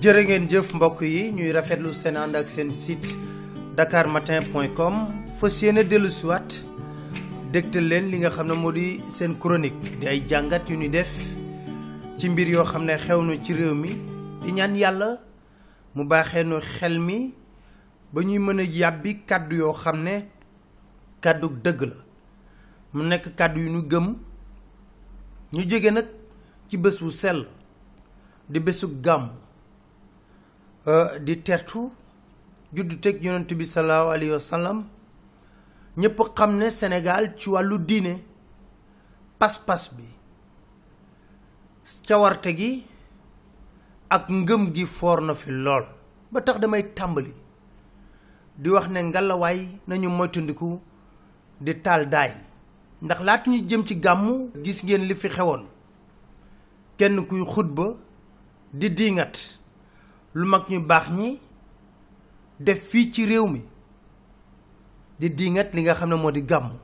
jërë ngeen jëf mbokk yi ñuy rafetlu seen ànd ak seen site dakarmatin.com fas yéene dellusiwaat dégtal leen li nga xam ne moo di seen chronique di ay jàngat yu ñu def ci mbir yoo xam ne xew na ci réew mi di ñaan yàlla mu baaxee nu xel mi ba ñuy mën a yàbbi kàddu yoo xam ne kàddu dëgg la mu nekk kàddu yu ñu gëm ñu jege nag ci bés bu sel di bésu gàmm Euh, di tertu juddu teg yonent bi salaahu alayhi wa sallam ñëpp xam ne senegaal ci wàllu diine pas-pas bi cawarte gi ak ngëm gi foor na fi lool ba tax damay tàmbali di wax ne ngalawaay nañu moytandiku di taal daay ndax laata ñu jëm ci gàmmu gis ngeen li fi xewoon kenn kuy xutba di diingat lu mag ñu baax ñi def fii ci réew mi di diingat li nga xam ne moo di gàmmu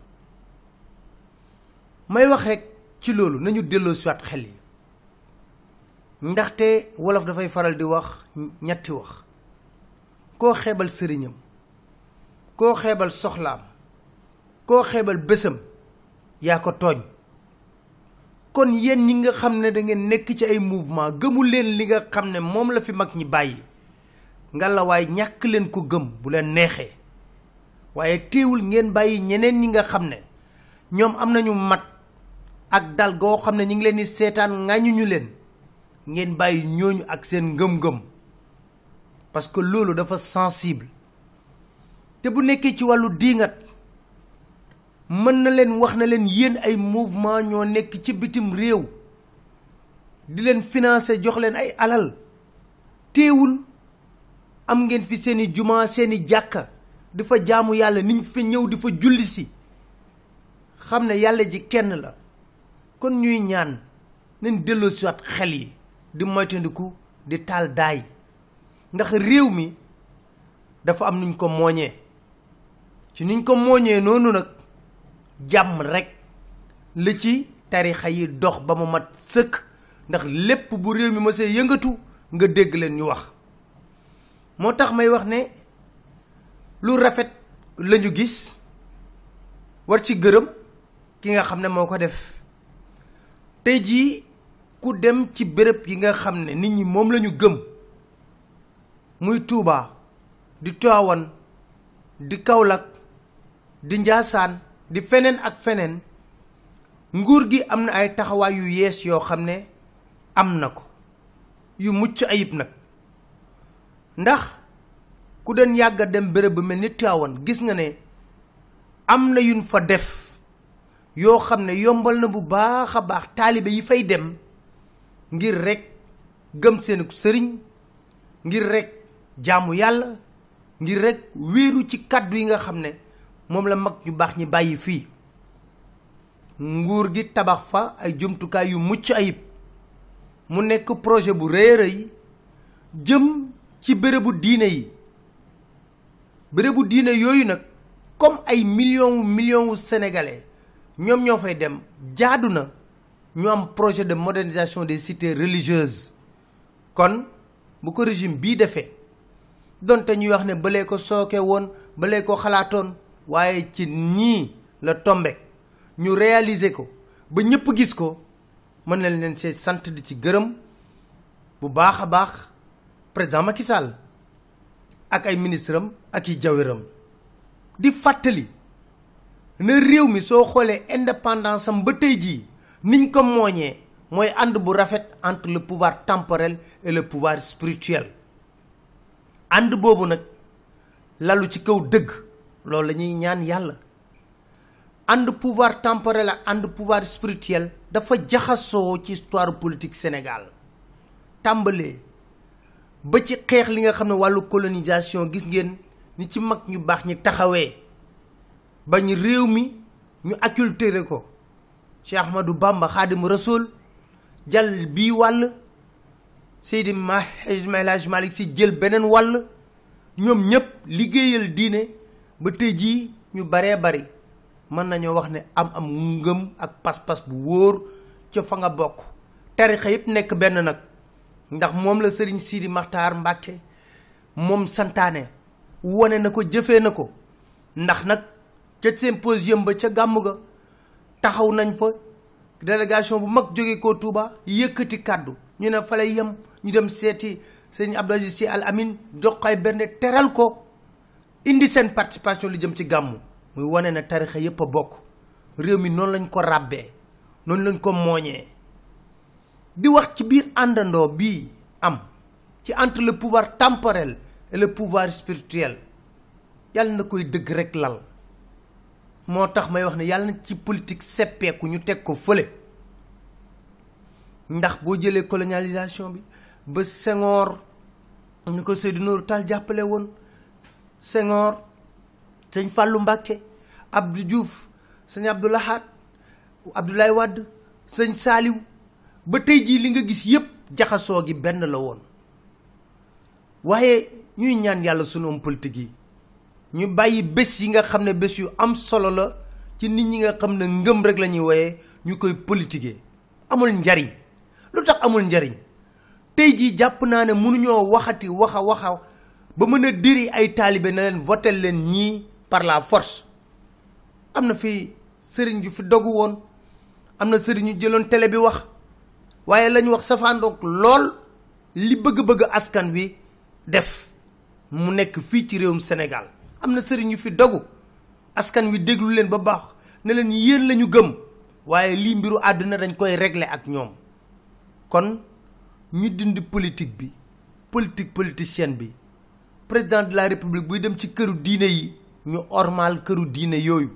may wax rekk ci loolu nañu delloo siwaat xel yi ndaxte wolof dafay faral di wax ñetti wax koo xeebal sëriñam koo xeebal soxlaam koo xeebal bésam yaa ko tooñ kon yéen ñi nga xam ne da nekk ci ay mouvement gëmul leen li nga xam ne moom la fi mag ñi bàyyi ngalawaay ñàkk leen ko gëm bu leen neexee waaye teewul ngeen bàyyi ñeneen ñi nga xam ne ñoom am nañu mat ak dal goo xam ne ñu ngi leen di seetaan ñu leen ngeen bàyyi ñooñu ak seen ngëm-ngëm parce que loolu dafa sensible te bu nekkee ci wàllu diingat mën na leen wax na leen yéen ay mouvement ñoo nekk ci bitim réew di leen financer jox leen ay alal teewul am ngeen fi seeni juma seeni jàkka dafa fa jaamu yàlla niñ fa ñëw di fa julli si xam ne yàlla ji kenn la kon ñuy ñaan nañ delloo siwaat xel yi di moytandiku di taal daay ndax réew mi dafa am nuñ ko mooñee ci nuñ ko mooñee noonu nag jàmm rekk la ci tarixa yi dox ba mu mat sëkk ndax lépp bu réew mi mësee yëngatu nga dégg leen ñu wax moo tax may wax ne lu rafet lañu gis war ci gërëm ki nga xam ne moo ko def tey jii ku dem ci bërëb yi nga xam ne nit ñi moom lañu gëm muy Tuuba di Tiwaawan di Kaolack di Njaasaan di feneen ak feneen nguur gi am na ay taxawaay yu yees yoo xam ne am na ko yu mucc ayib nag ndax ku den yàgg dem béréb bu mel ni Tiwaawan gis nga ne am na yu yuñ fa def yoo xam ne yombal na bu baax a baax taalibe yi fay dem ngir rek gëm seen sëriñ ngir rekk jaamu yàlla ngir rekk wiiru ci kàddu yi nga xam ne moom la mag ñu baax ñi bàyyi fii nguur gi tabax fa ay jumtukaay yu mucc ayib mu nekk projet bu rëy a rëy jëm ci bërëbu diine yi bërëbu diine yooyu nag comme ay millions million wu sénégalais ñoom ñoo fay dem jaadu na ñu am projet de modernisation des cités religieuses kon bu ko régime bii defee donte ñuy wax ne balee ko sooke woon balee ko xalaatoon waaye ci ñii la tombek ñu réaliser ko ba ñëpp gis ko mën nañ leen see sant di ci gërëm bu baax a baax président Macky Sall ak ay ministre am ak i jawiram di fàttali ne réew mi soo xoolee indépendance am ba tey jii niñ ko mooñee mooy ànd bu rafet entre le pouvoir temporel et le pouvoir spirituel ànd boobu nag lalu ci kaw dëgg loolu la ñuy ñaan yàlla ànd pouvoir temporel ak ànd pouvoir spirituel dafa jaxasoo ci histoire politik Sénégal tàmbalee ba ci xeex li nga xam ne wàllu colonisation gis ngeen ni ci mag ñu baax ñi taxawee bañ réew mi ñu acculturé ko Cheikh Ahmadou Bamba Xaadimu Rasoul jàll bii wàll Seydi Mahi El Hadji Malick Sy jël beneen wàll ñoom ñëpp liggéeyal diine ba tey jii ñu baree bari mën nañoo wax ne am am ngëm ak pas-pas bu wóor ca fa nga bokk tarixa yëpp nekk benn nag ndax moom la sëriñ Sidi Maxtaar Mbàkke moom santaane wone na ko jëfee na ko ndax nag ca symposium ba ca gàmm ga taxaw nañ fa délégation bu mag jóge ko tuuba yëkkati kàddu ñu ne fa yëm ñu dem seeti sëriñ Abdou si Sy Al Amine ay benn teral ko indi seen participation lu jëm ci gàmmu muy wane na tarixa yépp a bokk réew mi noonu lañ ko ràbbee noonu lañ ko mooñee di wax ci biir àndandoo bii am ci entre le pouvoir temporel et le pouvoir spirituel yàlla na koy dëgg rek lal moo tax may wax ne yàlla na ci politique seppeeku ñu teg ko fële ndax boo jëlee colonisation bi ba sengoor ñu ko Seydou Nourou Tall jàppale woon Senghor sëñ Fallou Mbacké Abdou Diouf sëñ Abdou Lahad Abdoulaye Wade sëñ saaliw ba tey jii li nga gis yépp jaxasoo gi benn la woon waaye ñuy ñaan yàlla sunu homme politique yi ñu bàyyi bés yi nga xam ne bés yu am solo la ci nit ñi nga xam ne ngëm rek la ñuy woyee ñu koy politiquer amul njariñ lu tax amul njariñ tey jii jàpp naa ne mënuñoo waxati waxa waxa ba mën a diri ay taalibe na leen votel leen ñii par la force am na fi sëriñ yu fi dogu woon am na sëriñ yu jëloon télé bi wax waaye lañu wax safaandoog lool li bëgg-bëgg askan wi def mu nekk fii ci réewum senegal am na sëriñ yu fi dogu askan wi déglu leen ba baax ne leen yéen lañu gëm waaye lii mbiru àdduna dañ koy régler ak ñoom kon ñu dindi politique bi politique politicienne bi président de la république buy dem ci këru diine yi ñu ormal këru diine yooyu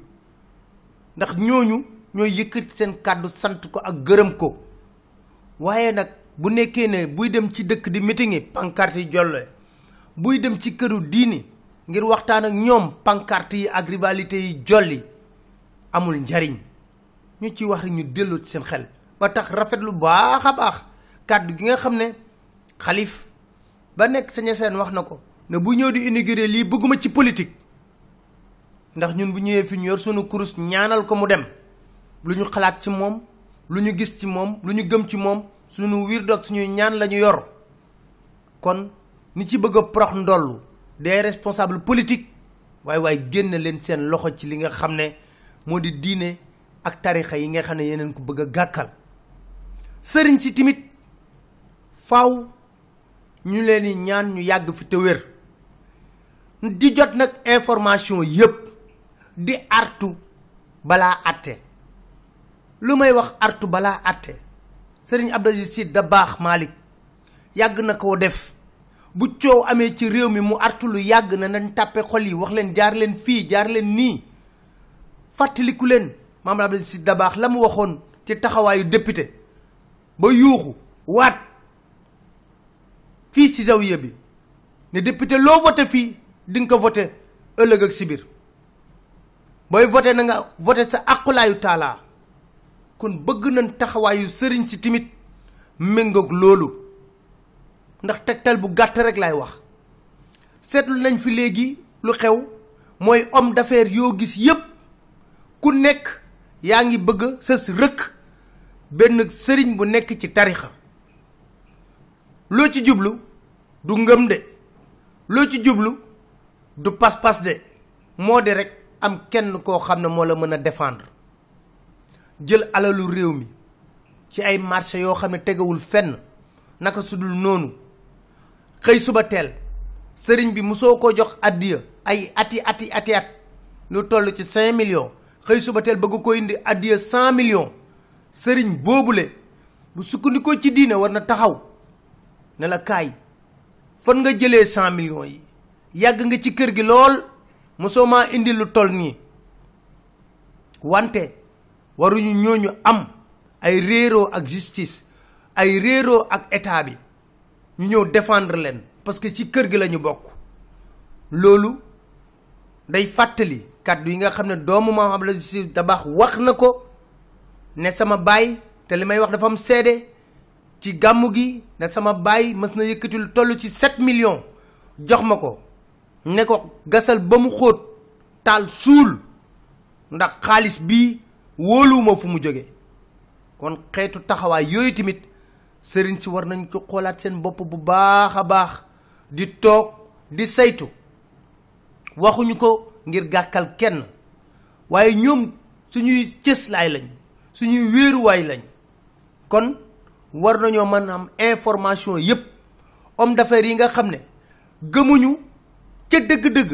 ndax ñooñu ñooy yëkkati seen kàddu sant ko ak gërëm ko waaye nag bu nekkee ne buy dem ci dëkk di meeting yi pancarte yi jolle buy dem ci këru diine ngir waxtaan ak ñoom pancarte yi ak rivalité yi jolli amul njariñ ñu ci wax ñu delloo ci seen xel ba tax rafet lu baax a baax kàddu gi nga xam ne xalif ba nekk sa seen wax na ko ne bu ñëw di indi inauguré lii bëgguma ci politique ndax ñun bu ñëwee fi ñu yor sunu kurus ñaanal ko mu dem lu ñu xalaat ci moom lu ñu gis ci moom lu ñu gëm ci moom sunu wiir doog suñuy ñaan lañu yor kon ni ci bëgg a prox ndollu des responsables politiques waaye waaye génn leen seen loxo ci li nga xam ne moo di diine ak tarixa yi nga xam ne yeneen ko bëgg a gàkkal sëriñ si timit faw ñu leen di ñaan ñu yàgg fi te wér di jot nag information yëpp di artu balaa atte lu may wax artu balaa atte sëriñ Abdou Aziz baax Dabakh yàgg na ko def bu coow amee ci réew mi mu artu lu yàgg na nañ tàppe xol yi wax leen jaar leen fii jaarleen nii fàttaliku leen maam Abdou Aziz Sy baax la mu waxoon ci taxawaayu député ba yuuxu waat fii ci zawiya bi ne député loo voté fii dinga ko vote ëllëg ak si booy voté na nga voté sa aqulaayu taalaa kon bëgg nañ taxawaayu sëriñ si timit méngoog loolu ndax tegtal bu gàtt rek laay wax seetlu nañ fi léegi lu xew mooy om d'affaires yoo gis yépp ku nekk yaa ngi bëgg sës rëkk benn sëriñ bu nekk ci tarixa loo ci jublu du ngëm de loo ci jublu du pas-pas de moo di rek am kenn koo xam ne moo la mën a defendre jël alalu réew mi ci ay marché yoo xam ne tegewul fenn naka sudul noonu xëy suba teel sëriñ bi mosoo ko jox addiya ay ati ati ati at lu toll ci cinq millions xëy suba teel bëgg ko indi addiya cent million sëriñ boobule bu sukkandikoo ci diine war na taxaw nela la kaay fan nga jëlee cent millions yi yàgg nga ci kër gi lool mosoo maa indi lu toll nii wante waruñu ñooñu am ay réeroo ak justice ay réeroo ak état bi ñu ñëw défendre leen parce que ci kër gi la ñu bokk loolu day fàttali kàddu yi nga xam ne doomu maam Abdoulaye Sy Dabakh wax na ko ne sama baay te li may wax dafa am seede ci gàmmu gi ne sama baay mës na yëkkati lu toll ci 7 million jox ma ko ne ko gasal ba mu xóot taal suul ndax xaalis bii wóoluwuma fu mu jóge kon xeetu taxawaay yooyu tamit sëriñ si war nañ ci xoolaat seen bopp bu baax a baax di toog di saytu waxuñu ko ngir gàkkal kenn waaye ñoom suñuy cëslaay lañ suñuy wéeruwaay lañ kon war nañoo mën am information yépp homme d'affaires yi nga xam ne gëmuñu ca dëgg-dëgg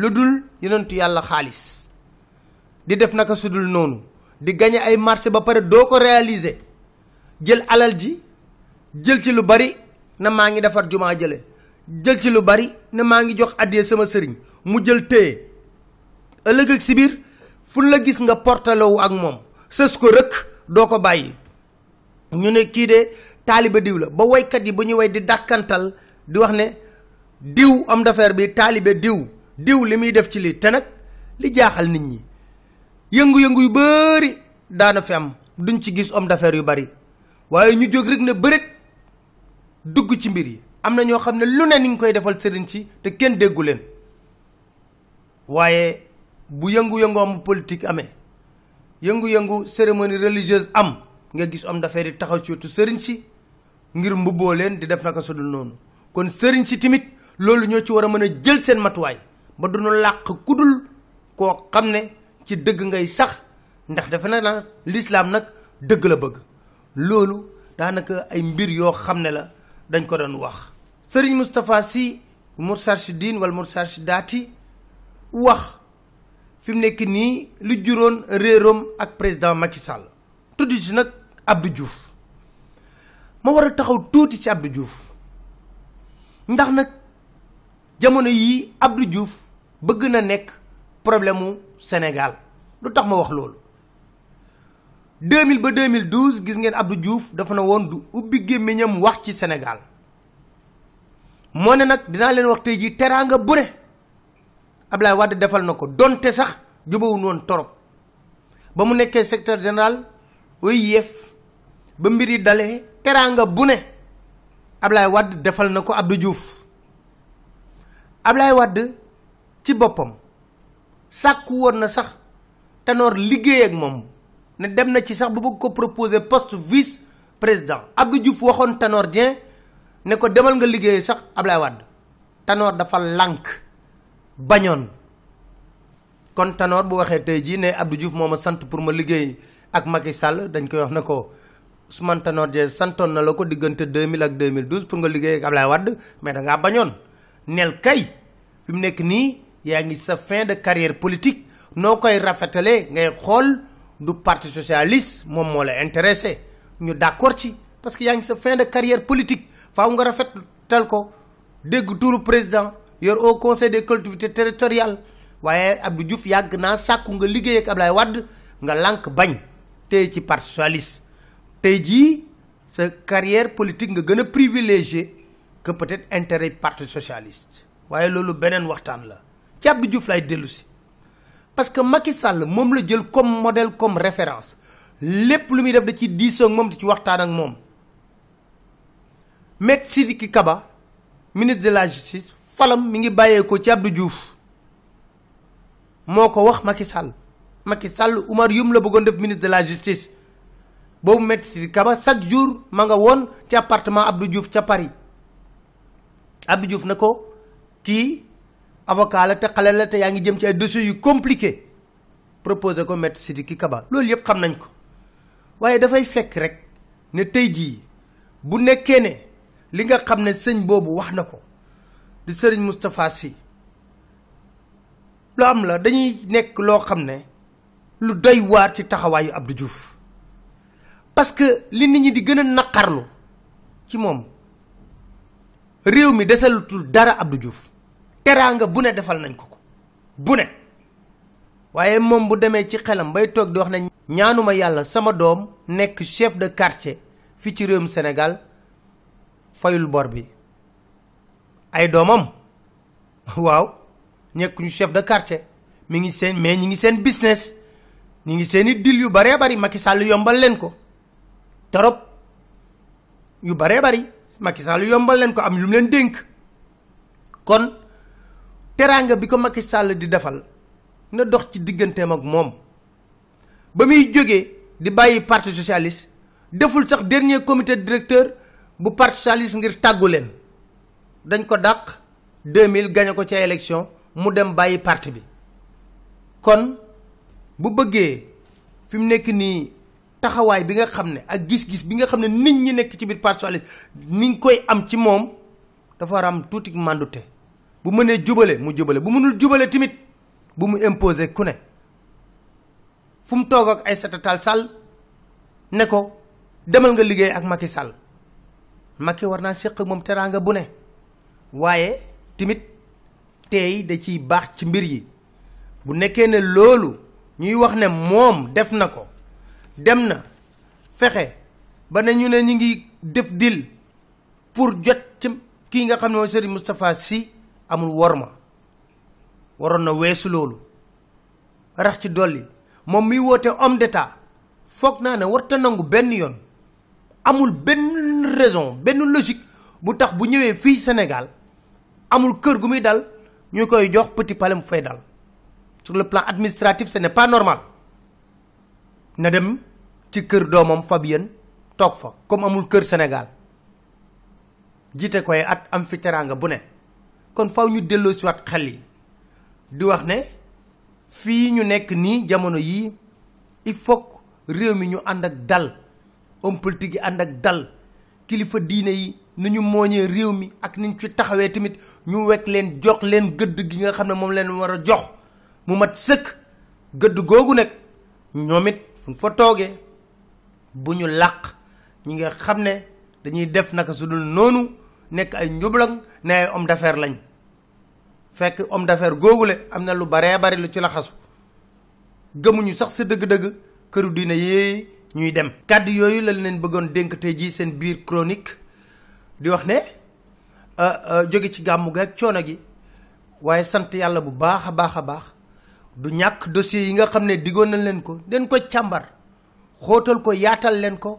lu dul yonentu yàlla xaalis di def naka su dul noonu di gañe ay marché ba pare doo ko réaliser jël alal ji jël ci lu bari na maa ngi defar jumaa jële jël ci lu bari na maa ngi jox àddee sama sëriñ mu jël téye ëllëg ak si fu la gis nga portalewu ak moom sës ko rëkk doo ko bàyyi ñu ne kii de taaliba diw la ba woykat yi bu ñu way di dàkkantal di wax ne diw homme d'affaires bi taalibe diw diw li muy def ci lii te nag li jaaxal nit ñi yëngu-yëngu yu bari daana fi am duñ ci gis homme d'affaires yu bari waaye ñu jóg rek ne bëreet dugg ci mbir yi am na ñoo xam ne lu ne ni ñu koy defal sëriñ ci te kenn déggu leen waaye bu yëngu-yëngoom politique amee yëngu-yëngu cérémonie religieuse am nga gis homme d'affaires yi taxaw ci wetu sëriñ si ngir mbubboo leen di def naka sudul noonu kon sëriñ si timit loolu ñoo ci war a mën a jël seen matuwaay ba du nu ku dul koo xam ne ci dëgg ngay sax ndax defe na lislaam nag dëgg la bëgg loolu daanaka ay mbir yoo xam ne la dañ ko doon wax sëriñ Moustapha Sy Moustarchidine wala Moustarchidaty wax fi nekk nii lu juróon réeroom ak président Macky Sall tudd ci nag abdu juuf ma war a taxaw tuuti ci Abdou Diouf ndax nag jamono yii Abdou juuf bëgg na nekk problème mu Sénégal lu tax ma wax loolu 2000 ba 2012 gis ngeen Abdou juuf dafa na woon du ubbi gémmiñam wax ci Sénégal moo ne nag dinaa leen wax tey jii teraanga bure Ablaye Wade defal na ko donte sax jubawuñ woon torop ba mu nekkee secrétaire général OIF ba mbir yi dalee teraanga bu ne Ablaye wadd defal na ko Abdou juuf Ablaye Wade ci boppam sàkku woon na sax Tanor liggéey ak moom ne dem na ci sax bu bëgg ko proposer poste vice président Abdou Diouf waxoon tanoor Dieng ne ko demal nga liggéey sax Ablaye Wade Tanor dafa lànk bañoon kon Tanor bu waxee tey jii ne Abdou Diouf moo ma sant pour ma liggéey ak Macky Sall dañ koy wax ne ko Ousmane Tanor Dieng santoon na la ko diggante 2000 ak 2012 pour nga liggéey ak Ablaye Wade mais da ngaa bañoon. nel kay fi mu nekk nii yaa ngi sa fin de carrière politique noo koy rafetale ngay xool du parti socialiste moom moo la intéressé ñu d'accord ci parce que yaa ngi sa fin de carrière politique faw nga rafetal ko dégg turu président yor au conseil des collectivités territoriales waaye Abdou Diouf yàgg naa sàkku nga liggéey ak Ablaye Wade nga lànk bañ tey ci parti socialiste tey jii sa carrière politique nga gën a privilégié que peut-être intérêt parti socialiste waaye loolu beneen waxtaan la ci Abdou Diouf lay dellusi parce que Macky Sall moom la jël comme modèle comme référence lépp lu muy def da ci diisoo moom di ci waxtaan ak moom Maître Sidiki Kaba ministre de la justice falam mi ngi bàyyeekoo ci Abdou Diouf moo ko wax Macky Sall Macky Sall Oumar Youm la bëggoon def ministre de la justice boobu Maître Sidiki Kaba chaque jour ma nga woon ci appartement Abdou Diouf ca Paris Abdou Diouf na ko kii avocat la te xale la te yaa ngi jëm ci ay dossiers yu compliqué proposé ko maître Sidiki Kaba loolu yëpp xam nañ ko waaye dafay fekk rek ne tey jii bu nekkee ne li nga xam ne sëñ boobu wax na ko di sëriñ Moustapha si loo am la dañuy nekk loo xam ne lu doy waar ci taxawaayu abdu juuf parce que li nit ñi di gën a naqarlu ci moom réew mi desalatul dara Abdou juuf teraanga bu ne defal nañ ko ko bu ne waaye moom bu demee ci xelam bay toog di wax ne ñaanuma yàlla sama doom nekk chef de quartier fii ci réewum Sénégal fayul bor bi ay doomam waaw nekkuñu chef de quartier mi ngi seen mais ñi ngi seen business ñi ngi seen i dil yu baree bari Macky Sall yombal leen ko torop yu baree bari Macky yombal leen ko am lu mu leen dénk kon teraanga bi ko Macky Sall di defal na dox ci digganteem ak moom ba muy jógee di bàyyi parti socialiste deful sax dernier comité directeur bu parti socialiste ngir tàggu leen dañ ko dàq 2000 gañe ko ca élection mu dem bàyyi parti bi kon bu bëggee fi mu nekk nii taxawaay bi nga xam ne ak gis-gis bi nga xam ne nit ñi nekk ci biir parti socialiste ni ñu koy am ci moom dafa war a am tuuti mandute bu mënee jubale mu jubale bu mënul jubale tamit bu mu imposer ku ne fu mu toog ak ay Tall Sall ne ko demal nga liggéey ak Macky Sall Macky war naa séq ak moom teraanga bu ne waaye tamit tey da ciy baax ci mbir yi bu nekkee ne loolu ñuy wax ne moom def na ko dem na fexe ba ne ñu ne ñu ngi def dil pour jot ci kii nga xam ne mooy Serigne Moustapha Sy amul worma waroon na weesu loolu rax ci dolli moom miy woote homme d'état foog naa ne warta nangu benn yoon amul benn raison benn logique bu tax bu ñëwee fii Sénégal amul kër gu muy dal ñu koy jox petit palais mu fay dal sur le plan administratif ce n'est normal na dem ci kër doomam Fabien toog fa comme amul kër Sénégal jiite koy at am fi bu ne kon faw ñu delloo si waat xel yi di wax ne fii ñu nekk nii jamono yii il faut réew mi ñu ànd ak dal homme politique yi ànd ak dal kilifa diine yi ni ñu mooñee réew mi ak ni ci taxawee tamit ñu wekk leen jox leen gëdd gi nga xam ne moom leen war a jox mu mat sëkk gëdd googu nag ñoomit it fu fa toogee bu ñu làq ñi nga xam ne dañuy def naka su dul noonu nekk ay njublang ne ay homme d'affaires lañ fekk homme googu le am na lu baree bari lu ci laxasu gëmuñu sax sa dëgg-dëgg këru diine yee ñuy dem. kàddu yooyu lañ leen bëggoon dénk tey jii seen biir cronique di wax ne euh, euh, jóge ci gàmmu gi ak coono gi waaye sant yàlla bu baax a baax a baax du ñàkk dossier yi nga xam ne diggoon nañ leen ko den ko càmbar. xootal ko yaatal leen ko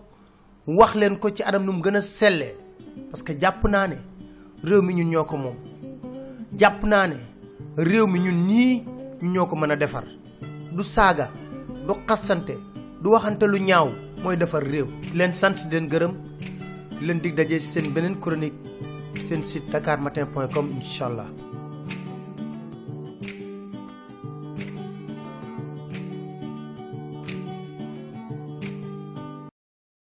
wax leen ko ci anam nu mu gën a sellee parce que jàpp naa ne réew mi ñun ñoo ko moom jàpp naa ne réew mi ñun ñii ñoo ko mën a defar du saaga du xasante du waxante lu ñaaw mooy defar réew leen sant di leen gërëm di leen dig daje ci seen beneen chronique seen site dakarmatin.com incha allah